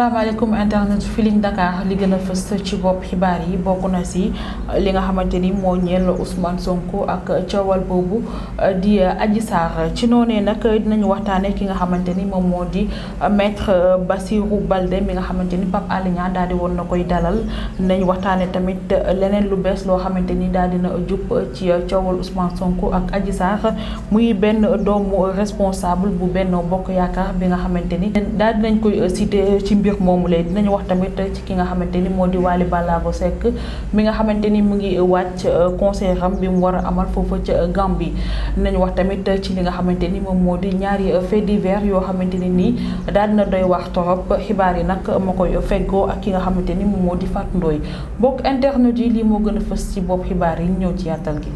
salaamaaleykum internet Feeling Dakar li gën a fës ci bopp xibaar yi bokk na si uh, li nga xamante ni moo ñeel Ousmane Sonko ak coowal boobu uh, di uh, Adji Sarr ci noonee nag nañu waxtaanee ki nga xamante ni moom moo di maître Bassirou Balde mi nga xamante ni Pape Alé Niang daal di woon na koy dalal dinañ waxtaanee tamit leneen lu bees loo xamante ni daal na jub ci coowal Ousmane Sonko ak Adji Sarr muy benn doomu responsable bu benn Bokk Yaakaar bi nga xamante ni daal mbir moomu lay dinañu wax tamit ci ki nga xamante ni moo di balaa Ballago sekk mi nga xamante ni mu ngi wàcc euh, concert am bi mu war a amal foofa ca Gambie dinañu wax tamit ci li nga xamante ni moom moo di ñaari euh, faits divers yoo xamante ni nii daal dina doy wax torop xibaar yi nag moo koy feggoo ak ki nga xamante ni moom moo di Fatou Ndoye mbokk internet yi lii moo gën a fës ci bopp xibaar yi ñëw ci yàttal gi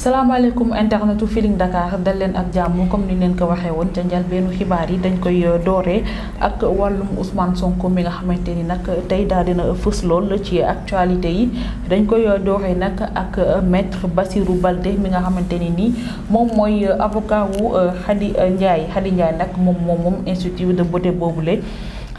salaamaaleykum internetu Feeling Dakar dal leen ak jàmm comme ni leen ko waxee woon ca njëlbeenu xibaar yi dañ koy euh, doore ak wàllum Ousmane Sonko mi nga xamante ni nag tey daal dina fës lool ci actualité yi dañ koy euh, dooree nag ak euh, maître Bassirou balde mi nga xamante ni nii moom mooy avocat wu Khady Ndiaye Khady Ndiaye nag moom moom moom institut de boobu boobule.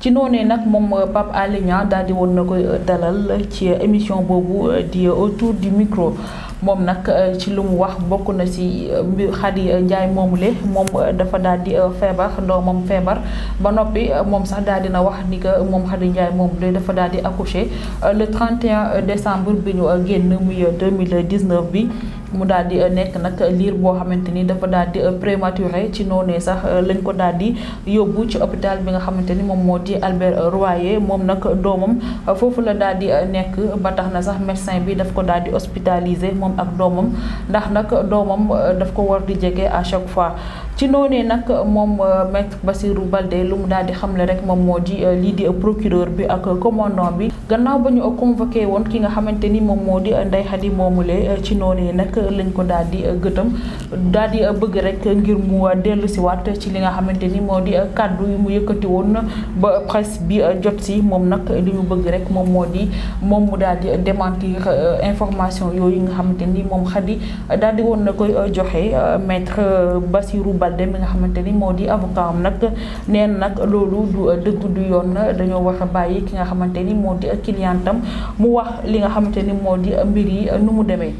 ci noonee nag moom Pape Alé Niang daal di woon na koy dalal ci émission boobu di autour di micro. moom nag euh, ci lu mu wax bokk na ci euh, mbir Khady Ndiaye moomule moom euh, dafa daal di feebar doomam feebar ba noppi moom sax daal na wax ni que moom Khady moom moomule dafa daal di accoucher le 31 décembre bi ñu génn muy 2019 bi mu daal di nekk nag liir boo xamante ni dafa daal di prématuré ci noonee sax lañ ko daal di yóbbu ci hôpital bi nga xamante ni moom moo di Albert Royer moom nag doomam foofu la daal di nekk ba tax na sax médecin bi daf ko daal di hospitalisé ak doomam ndax nag doomam euh, daf ko war di jege à chaque fois ci noonee nag moom euh, maître Bassirou Baldé lu mu daal di xamle rek moom moo di euh, lii di procureur bi ak commandant bi gannaaw ba ñu convoqué woon ki nga xamante ni moom moo di Ndeye Khady moomule euh, ci noonee nag lañ ko daal di gëtam daal di bëgg rek ngir mu dellu si ci li nga xamante ni moo di kàddu yu mu yëkkati woon ba presse bi jot si moom nag li ñu bëgg rek moom moo di moom mu daal di démentir information yooyu nga xamante ni moom Khady daal di woon na koy joxe maître Bassirou Baldé Balde mi nga xamante ni moo di avocat am nag neen nag loolu du dëgg du yoon dañoo wax bàyyi ki nga xamante ni moo di clientam mu wax li nga xamante ni moo di mbir yi nu mu demee.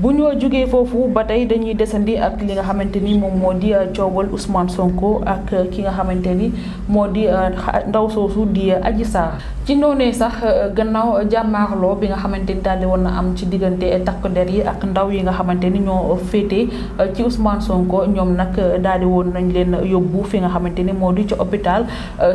bu ñoo jógee foofu ba tey dañuy desandi ak li nga xamante ni moom moo di coowal Ousmane Sonko ak ki nga xamante ni moo di ah, ndaw soosu di Adji Sarr ci noonee sax euh, gannaaw jàmmaarloo bi nga xamante ni daal di woon na am ci diggante takk der yi ak ndaw yi nga xamante ni ñoo féete euh, ci Ousmane Sonko ñoom nag euh, daal di woon nañ leen yóbbu fi nga xamante ni moo di ci hôpital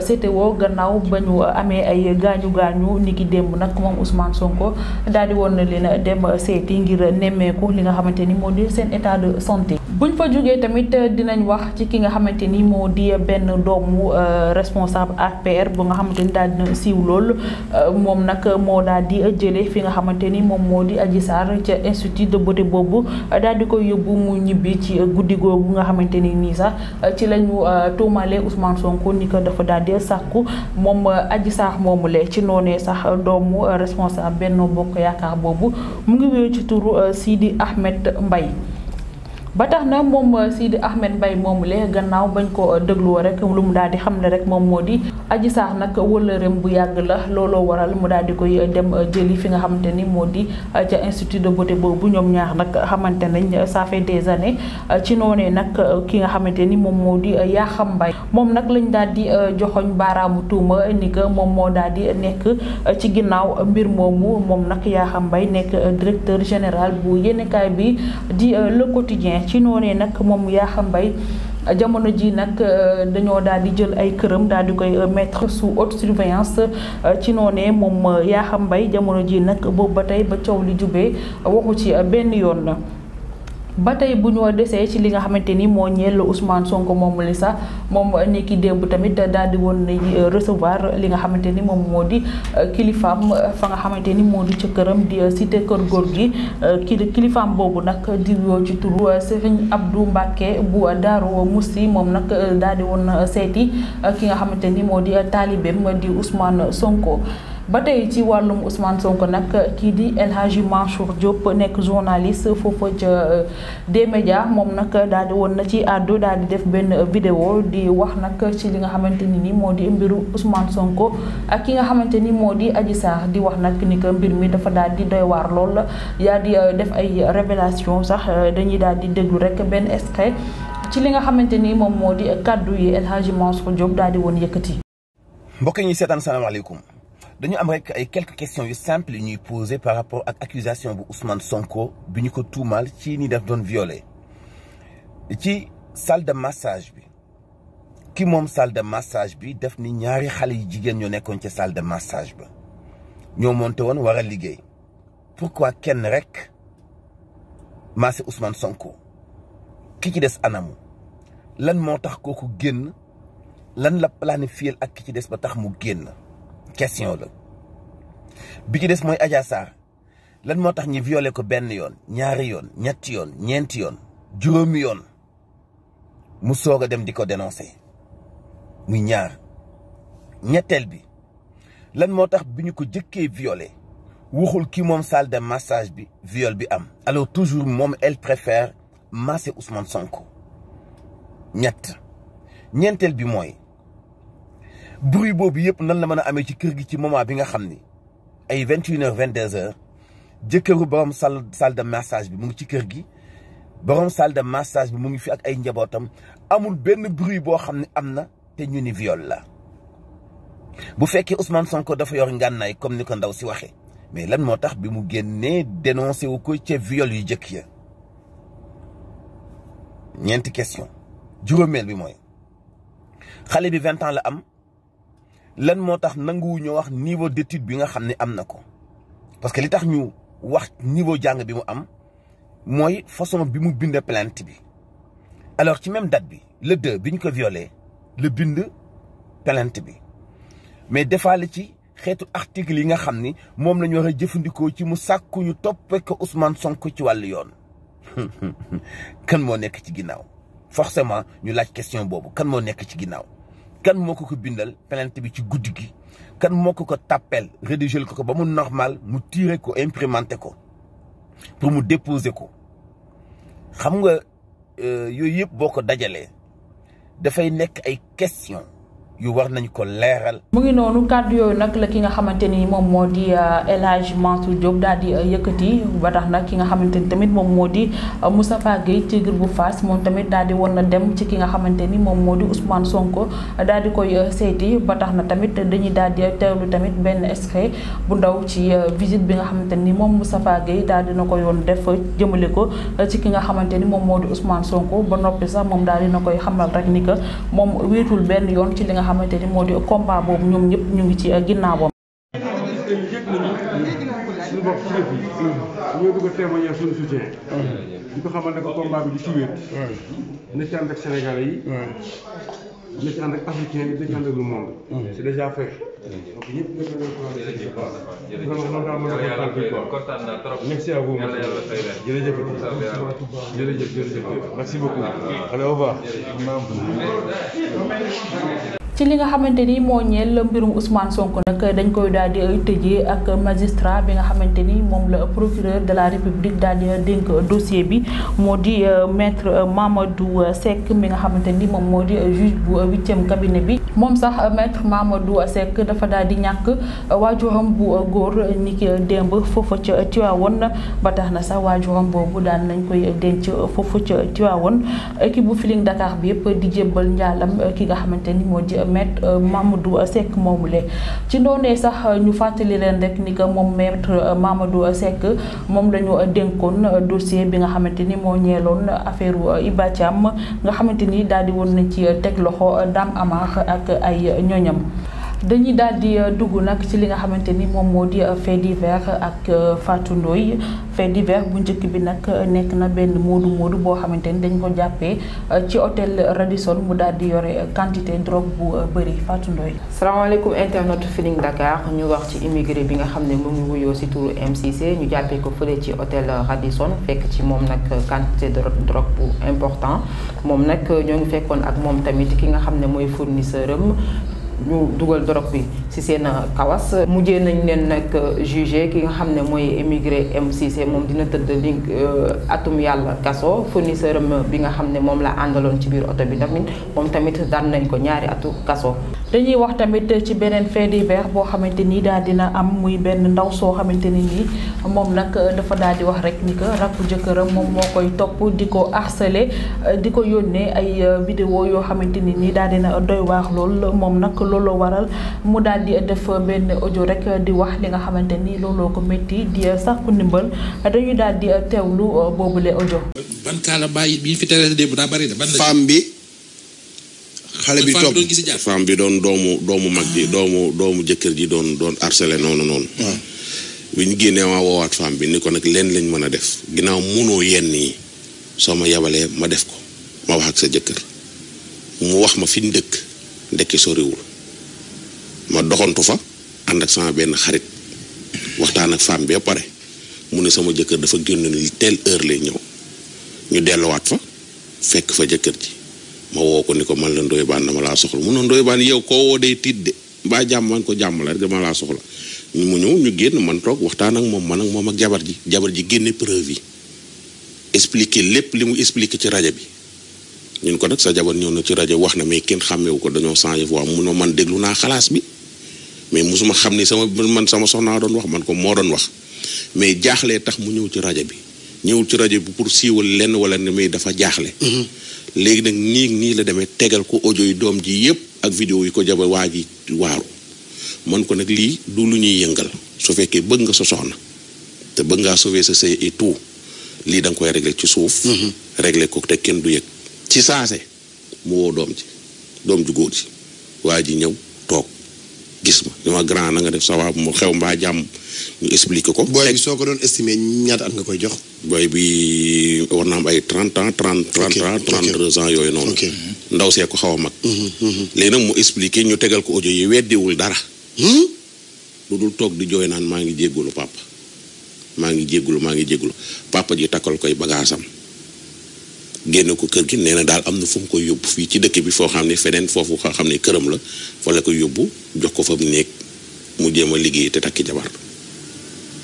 CTO gannaaw ba ñu amee ay gaañu gaañu ni ki nag moom Ousmane Sonko daal di woon na leen dem seeti ngir nemmeeku li nga xamante ni moo di seen état de santé. buñ fa jógee tamit dinañ wax ci ki nga xamante ni moo di benn doomu responsable APR bu nga xamante ni daal di siiwloo lool euh, moom nag moo daal di jële fi nga xamante ni moom moo di Adji ca institut de boobu daal di koy yóbbu mu ñibbi ci guddi googu nga xamante ni nii sax euh, ci lañu euh, tuumalee Ousmane Sonko ni ko dafa daal di sàkku moom Adji Sarr moomule ci noonee sax doomu responsable benn Bokk Yaakaar boobu mu ngi wéy ci turu di Ahmed mbay ba tax na moom euh, Sidi Ahmed mbay moom lee gannaaw bañ ko euh, dégluwoo rek lu mu daal di xam ne rek moom moo di aji Sarr nag wëllëreem bu yàgg la looloo waral mu daal di koy euh, dem jëli fi nga xamante ni moo di ca institut de beauté boobu ñoom ñaar nag xamante nañ ça fait des années ci noonee nag ki nga xamante ni moom moo di Yakham mbay moom nag lañ daal di joxoñ baaraamu tuuma ni moom moo daal di nekk ci ginnaaw mbir moomu moom nag Yakham mbay nekk directeur général bu yéenekaay bi di Le Quotidien ci noonee nag moom Yakham Mbaye jamono ji nag euh, dañoo daal di jël ay këram daal di koy euh, mettre sous haute surveillance euh, ci noonee moom Yakham Mbaye jamono ji nag boobu ba tey ba coow li jubee waxu ci benn yoon la ba tey bu ñu desee ci li nga xamante ni moo ñeel Ousmane Sonko moom li sax moom ni ki démb tamit daal di woon euh, recevoir li nga xamante ni moom moo di euh, kilifaam fa nga xamante ni moo di ci këram di euh, cité kër góor gi kilifaam boobu nag di woo ci turu Serigne Abdou Mbacke bu Daaru Musti moom nag daal di woon seeti ki nga xamante ni moo di taalibeem di Ousmane Sonko. ba tey ci wàllum Ousmane Sonko nag kii di El Hadji Mansour Diop nekk journaliste foofa ca euh, des médias moom nag daal di woon na ci àddu daal di def benn vidéo di wax nag ci li nga xamante ni ni moo di mbiru Ousmane Sonko ak ki nga xamante ni moo di Adji Sarr di wax nag ni que mbir mi dafa daal di doy waar lool yaa di euh, def ay révélation sax euh, dañuy daal di déglu rek benn extrait ci li nga xamante ni moom moo di kaddu yi El Hadji Mansour daal di woon yëkkati. mbokk ñi seetaan salaamaaleykum. dañu am rek ay quelques questions yu simples yu ñuy poser par rapport ak accusation bu Ousmane Sonko bi ñu ko tuumaal ci ni def doon violé ci salle de massage bi ki moom salle de massage bi def ni ñaari xale yi jigéen ñoo nekkoon ci salle de massage ba ñoo monté woon war a liggéey pourquoi kenn rek massé Ousmane Sonko ki ci des anamu lan moo tax kooku génn lan la planifier ak ki ci des ba tax mu génn. question la bi ci des mooy Adja Sarr lan moo tax ñi violé ko benn yoon ñaar yoon ñetti yoon ñeenti yoon juróomi yoon mu soog a dem di ko dénoncé muy ñaar ñetteel bi lan moo tax bi ñu ko jëkkee viole waxul ki moom salle de massage bi viol bi am alors toujours moom elle préfère masser Ousmane Sonko ñett ñeenteel bi mooy bruit boobu yëpp nan la mën a amee ci kër gi ci moment bi nga xam ni ay vingt une heures vingt deux jëkkëru borom salle salle de massage bi mu ngi ci kër gi borom salle massage bi mu ngi fi ak ay njabootam amul benn bruit boo xam ne am na te ñu ni viol la bu fekkee Ousmane Sonko dafa yor ngànnaay comme ni ko ndaw si waxee mais lan moo tax bi mu génnee dénoncé wu ko ca viol yu jëkk ya ñeenti question juróomeel bi mooy xale bi vingt ans la am lan moo tax nanguwuñu wax de d'étude bi nga xam ne am na ko parce que li tax ñu wax niveau jàng bi mu am mooy façon bi mu bind plainte bi alors ci même date bi le bi ñu ko violé le bind plainte bi mais defaale ci xeetu article yi nga xam ni moom la ñu a jëfandikoo ci mu sàkku ñu toppee ko Ousmane Sonko ci wàll yoon kan moo nekk ci ginnaaw forcément ñu laaj question boobu kan moo nekk ci ginnaaw. kan moo ko ko bindal plainte bi ci guddi gi kan moo ko ko tàppeel rédigé ko ko ba mu normal mu tiire ko imprimanté ko pour mu déposer ko xam nga euh, yooyu yëpp boo ko dajalee dafay nekk ay question yu war nañ ko leeral. mu ngi noonu kàddu yooyu nag la ki nga xamante ni moom moo di euh, El Hadj Mansour daal di euh, yëkkati ba tax nag ki nga xamante ni tamit moom moo di euh, Moustapha Guèye Tigre bu Fass moom tamit daal di woon na dem ci ki nga xamante ni moom moo di Ousmane Sonko daal di koy seeti ba tax na tamit dañuy daal di teewlu tamit benn extrait bu ndaw ci visite bi nga xamante ni moom Moustapha Guèye daal dina ko yoon def jëmale ko ci ki nga xamante ni moom moo di Ousmane Sonko ba noppi sax moom daal dina koy xamal rek ni que moom wéetul benn yoon ci li nga. xamante ni moo di combat boobu ñoom ñëpp ñu ngi ci ginnaawam. suñu bopp ci yëf yi ñoo bëgg a di ko xamal ko combat bi di ci wéet na ci ànd ak sénégalais yi na ci ànd ak africain yi na ci ànd ak le monde c'est ci li nga xamante ni moo ñeel mbirum Ousmane Sonko nag dañ koy daal di tëjee ak magistrat bi nga xamante ni moom la procureur de la république daal di dénk dossier bi moo di euh, maître euh, Mamadou euh, Seck mi nga xamante ni moom moo di juge bu huitième bi moom sax maître Mamadou Seck dafa daal di ñàkk waajuram bu góor ni ki démb foofu ca Tiwaawoon ba tax na sax waajuram boobu daal nañ koy denc foofu ca Tiwaawoon équipe bu Feeling Dakar bi yëpp di jébbal njaalam ki nga xamante ni moo di maître euh, Mamadou euh, Seck moomule ci ndoonee sax euh, ñu fàttali leen rek ni que moom maître Mamadou Seck moom lañu ñu dénkoon dossier bi nga xamante ni moo ñeeloon affaire Iba Thiam nga xamante ni daal di woon nañ ci teg loxo Dame Amar ak ay ñoñam dañuy daal di euh, dugg nag ci li nga xamante ni moom moo di euh, fait divers ak euh, Fatou Ndoye fait divers bu njëkk bi nag nekk na benn moodu moodu boo xamante ni dañ ko jàppee ci hôtel Radisson mu daal di yore quantité drogue bu bëri Fatou Ndoye. salaamaaleykum internet Feeling Dakar ñu wax ci immigré bi nga xam ne mu ngi wuyoo si turu MCC ñu jàppee ko fële ci hôtel Radisson fekk ci moom nag quantité de drogue bu important moom nag ñoo ngi fekkoon ak moom tamit ki nga xam ne mooy fournisseur am. ñu dugal drogue bi ci seen kawas mujjee nañ leen nag jugé ki nga xam ne mooy émigré MCC moom dina tëdd li euh, atum yàlla kaso fournisseur am bi nga xam ne moom la àndaloon ci biir oto bi tamit moom tamit daan nañ ko ñaari atu kaso dañuy wax tamit ci beneen fait divers boo xamante ni daal dina am muy benn ndaw soo xamante ni nii moom nag dafa daal di wax rek ni que rakku jëkkëram moom moo koy topp di ko harceler di ko yónnee ay euh, vidéo yoo xamante ni nii daal dina doy waax lool moom nag looloo waral mu daal di def benn audio rek di wax li nga xamante ni looloo ko métti di sàkku ndimbal dañuy daal di teewlu euh, boobule audio. ban kaala bàyyi bi fi tere démb daa bari de ban la. bi. xale bi toog femme bi doon doomu doomu mag ji doomu doomu jëkkër ji doon doon harcelé noonu noonu. bi ñu génnee waa woowaat femme bi ni ko nag leen lañ mën a def ginnaaw munoo yenn yi soo ma yabalee ma def ko ma wax ak sa jëkkër mu wax ma fi ñu dëkk ndekki soriwul ma doxantu fa ànd ak sama benn xarit waxtaan ak femme bi pare mu ne sama jëkkër dafa génn li telle heure lay ñëw ñu delluwaat fa fekk fa jëkkër ji. ma woo ko ni ko man la Ndoye Bane dama laa soxla mun na Ndoye Bane yow koo woo day tiit de mbaa jàmm man ko jàmm la rek dama laa soxla mu ñëw ñu génn man toog waxtaan ak moom man ak moom ak jabar ji jabar ji génne preuve yi expliquer lépp li mu expliquer ci rajo bi ñun ko nag sa jabar ñëw na ci rajo wax na mais kenn xàmmewu ko dañoo changé voix mu ne man déglu xalaas bi mais musuma xam ni sama man sama soxnaa doon wax man ko moo doon wax mais jaaxlee tax mu ñëw ci rajo bi ñëwul ci rajo bi pour siiwal lenn wala ne muy dafa jaaxle. Mhm. léegi nag nii nii la demee tegal ko ojo yi doom ji yëpp ak vidéo yi ko jabar waa ji waaru man ko nag lii du lu ñuy yëngal su fekkee bëgg nga sa soxna te bëgg ngaa sauver sa sëy et lii da nga koy régler ci suuf. Mhm. régler ko te kenn du yëg. ci saase mu woo doom ji doom ji góor ji waa ji ñëw. gis ma dama na nga def sawaab mu xew mbaa jàmm ñu expliqué ko. booy bi soo ko doon estimé ñaata at nga koy jox. booy bi war na am ay trente ans trente. trente ans trente yooyu noonu. ndaw see ko xaw a mag. Mhm, mhm. léegi nag mu expliqué ñu tegal ko audio yi weddiwul dara. Hmm? lu dul toog di jooy naan maa ngi jéggulu papa maa ngi jéggulu maa ngi jéggulu papa ji takkal koy bagaasam. génne ko kër gi nee na daal am na fu mu koy yóbbu fii ci dëkk bi foo xam ne feneen foofu nga xam ne këram la fa la ko yóbbu jox ko fa mu néeg mu jéem a liggéey te takki jabar.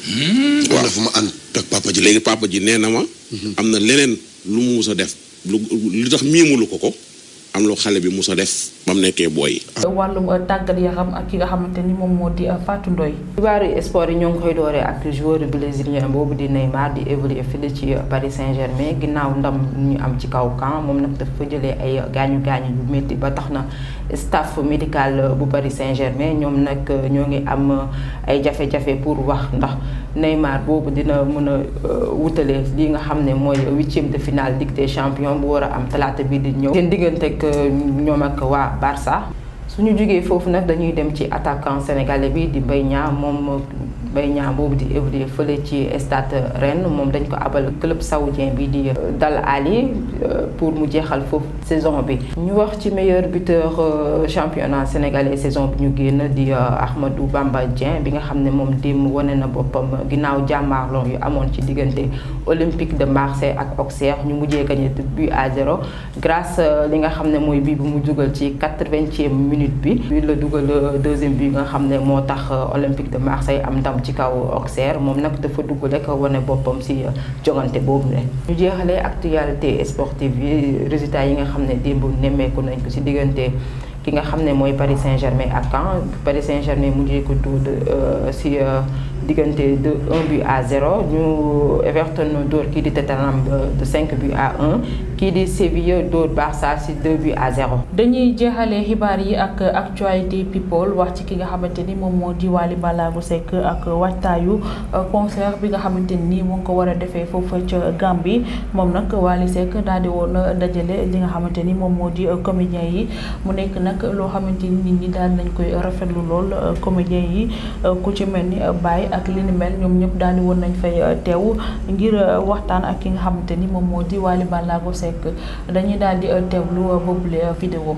Hmm. waaw fu ma ànd ak papa ji. léegi papa ji nee na ma. Mhm. am na leneen lu mu mus a def lu li tax miimulu ko ko am lu xale bi mus a def. ba mu nekkee booy. wàllum euh, tàggat yaram ak ki nga xamante ni moom moo di euh, Fatou Ndoye. xibaaru sport yi ñoo ngi koy dooree ak joueur brésilien boobu di Neymar di évoluer fële ci euh, Paris Saint-Germain ginnaaw ndam ñu am ci kaw camp moom nag dafa jëlee ay gaañu gaañu bu métti ba tax na staff médical bu Paris Saint-Germain ñoom nag ñoo ngi am ay jafe-jafe pour wax ndax Neymar boobu dina mën a wutale lii nga xam ne mooy huitième de finale Ligue des champions bu war a am talaata bi di ñëw diggante ak ak Barça suñu jugee foofu nag dañuy dem ci attaquant sénégalais bi di Mbaye Niang moom Mbaye Niang boobu di évoluer fële ci stade ren moom dañ ko abal club saoudien bi di euh, Dal Ali euh, pour mu jeexal foofu saison bi. ñu wax ci meilleur buteur euh, championnat sénégalais saison bi ñu génn di Ahmadou Bamba Dieng bi nga xam ne moom di mu wane na boppam ginnaaw jàmmaarloo yu amoon ci diggante Olympique de Marseille ak Auxerre ñu mujjeeka gagné but à zéro grâce li nga xam ne mooy bii bu mu dugal ci quatre-vingtième minute bi. bi la dugal deuxième bi nga xam ne moo tax Olympique de Marseille am ndam. ci kaw Auxerre moom nag dafa dugg rek wane boppam si euh, jogante boobu rek. ñu jeexalee actualité sportive yi résultats yi nga xam ne démb nemmeeku nañ ko ci diggante. ki nga xam ne mooy Paris Saint-Germain ak Caen Paris Saint-Germain mujjee ko dóor si euh, euh, diggante de 1 but à 0 ñu Everton dóor kii di Tottenham de 5 but à 1. kii di Séville dóor Barça ci 2 buts à 0. dañuy jeexalee xibaar yi ak actualité people wax ci ki nga xamante ni moom moo di Wally Ballago sekk ak waajtaayu euh, concert bi nga xamante ni mu ngi ko war a defee foofu ca Gambie moom nag Wally Seck daal di woon dajale li nga xamante ni moom moo di euh, comédien yi mu nekk nag loo xamante ni nit ñi daal nañ koy rafet lu lool euh, comédien yi ku ci mel ni Baye ak li ni mel ñoom ñëpp daal di woon nañ fay teew ngir waxtaan ak ki nga xamante ni moom moo di Wally Ballago Seck Seck dañuy daal di teewlu boobule vidéo.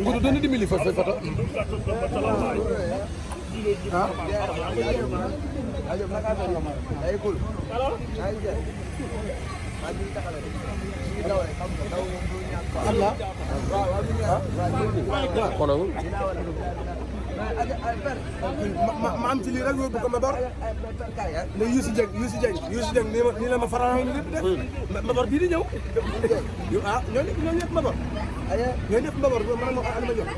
Nguudu doon na ah. xoolal. ma ma am ci lii rek yóbbu ko Mbabar. ne Youssou Dieng Youssou Dieng Youssou Dieng nii ma nii la ma faral lépp def. Mbabar bii di ñëw. ah ñooñu ñooñu ñëpp Mbabar. ñooñu ñëpp Mbabar man ma ko Aliouma Diop.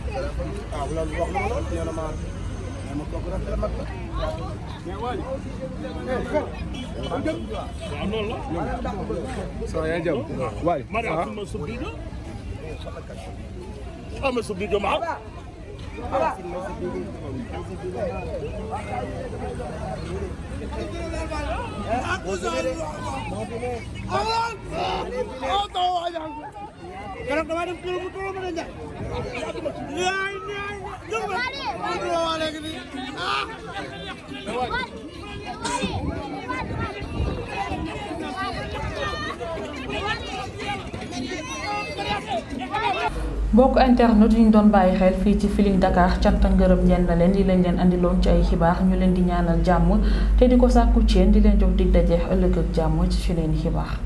waaw loolu wax na ma lool nee na ma. sama kooku rek la mag eh, la. waaw noonu la. soo yaa jàmm waay. Ah. Ah, ah ah ma sub dijo ma. ah. garab dama dem ñu ko wa léegi internet yi ñu doon bàyyi xel fii ci Feeling Dakar cant ak ngërëm ñeen na leen leen indiloon ci ay xibaar ñu leen di ñaanal jàmm te di ko sàkku ci yéen di leen jox dig dajeex ëllëg ak jàmm ci fi leen xibaar